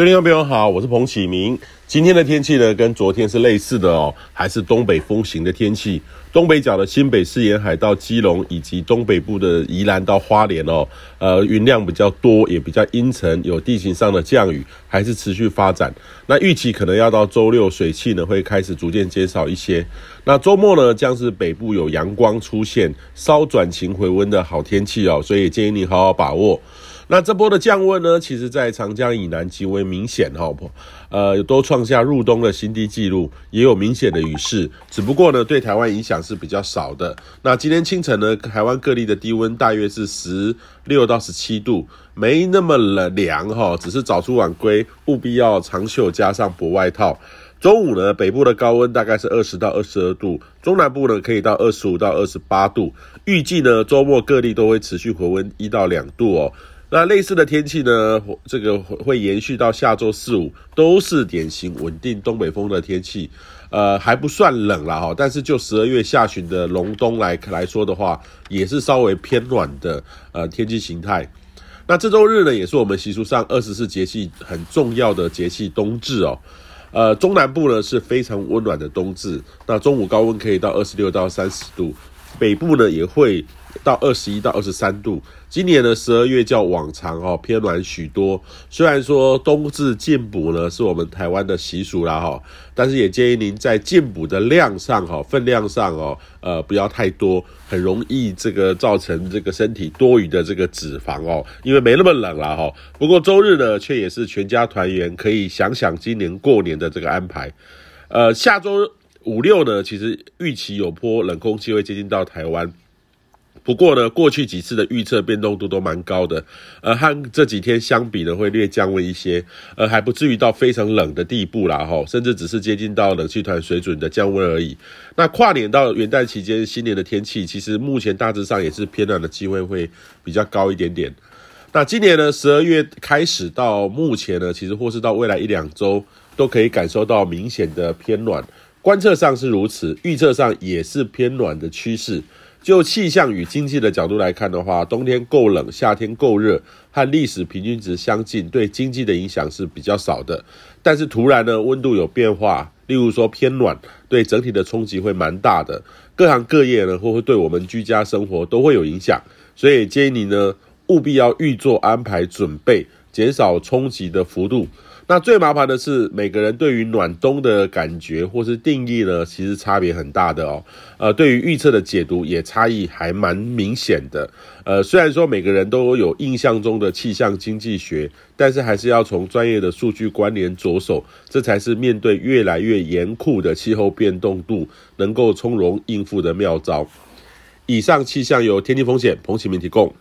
各位朋友好，我是彭啟明。今天的天氣呢，跟昨天是類似的哦，還是東北風型的天氣。東北角的新北市沿海到基隆，以及東北部的宜蘭到花蓮哦，呃，雲量比較多，也比較陰沉，有地形上的降雨，還是持續發展。那預期可能要到周六，水氣呢會開始逐漸減少一些。那周末呢，將是北部有陽光出現，稍轉晴回溫的好天氣哦，所以建議你好好把握。那這波的降溫呢，其實，在長江以南極為明顯哈，不，呃，都創下入冬的新低記錄，也有明顯的雨勢。只不過呢，對台灣影響是比較少的。那今天清晨呢，台灣各地的低溫大約是十六到十七度，沒那麼冷涼哈、哦，只是早出晚歸，務必要長袖加上薄外套。中午呢，北部的高溫大概是二十到二十二度，中南部呢，可以到二十五到二十八度。預計呢，周末各地都會持續回溫一到兩度哦。那類似的天氣呢，這個會延續到下周四五，都是典型穩定東北風的天氣。呃，還不算冷啦哈，但是就十二月下旬的隆冬來來說的話，也是稍微偏暖的呃天氣形態。那這周日呢，也是我們習俗上二十四節氣很重要的節氣冬至哦。呃，中南部呢，是非常溫暖的冬至，那中午高溫可以到二十六到三十度。北部呢，也會到二十一到二十三度，今年的十二月較往常哦偏暖許多。雖然說冬至進補呢是我們台灣的習俗啦哈，但是也建議您在進補的量上哈，分量上哦，呃，不要太多，很容易這個造成這個身體多餘的這個脂肪哦，因為沒那麼冷了哈。不過周日呢卻也是全家團圓，可以想想今年過年的這個安排。呃，下周。五六呢，其實預期有波冷空氣會接近到台灣，不過呢，過去幾次的預測變動度都蠻高的，而、呃、和這幾天相比呢，會略降溫一些，而、呃、還不至於到非常冷的地步啦，齁，甚至只是接近到冷氣團水準的降溫而已。那跨年到元旦期間，新年的天氣其實目前大致上也是偏暖的機會會比較高一點點。那今年呢，十二月開始到目前呢，其實或是到未來一兩周，都可以感受到明顯的偏暖。觀測上是如此，預測上也是偏暖的趨勢。就氣象與經濟的角度來看的話，冬天夠冷，夏天夠熱，和歷史平均值相近，對經濟的影響是比較少的。但是突然呢，溫度有變化，例如說偏暖，對整體的衝擊會蠻大的。各行各業呢，或者對我們居家生活都會有影響，所以建議你呢，務必要預做安排準備，減少衝擊的幅度。那最麻煩的是，每個人對於暖冬的感覺或是定義呢，其實差別很大的哦。呃，對於預測的解讀也差異還蠻明顯的。呃，雖然說每個人都有印象中的氣象經濟學，但是還是要從專業的數據關聯着手，這才是面對越來越嚴酷的氣候變動度能夠從容應付的妙招。以上氣象由天氣風險彭啟明提供。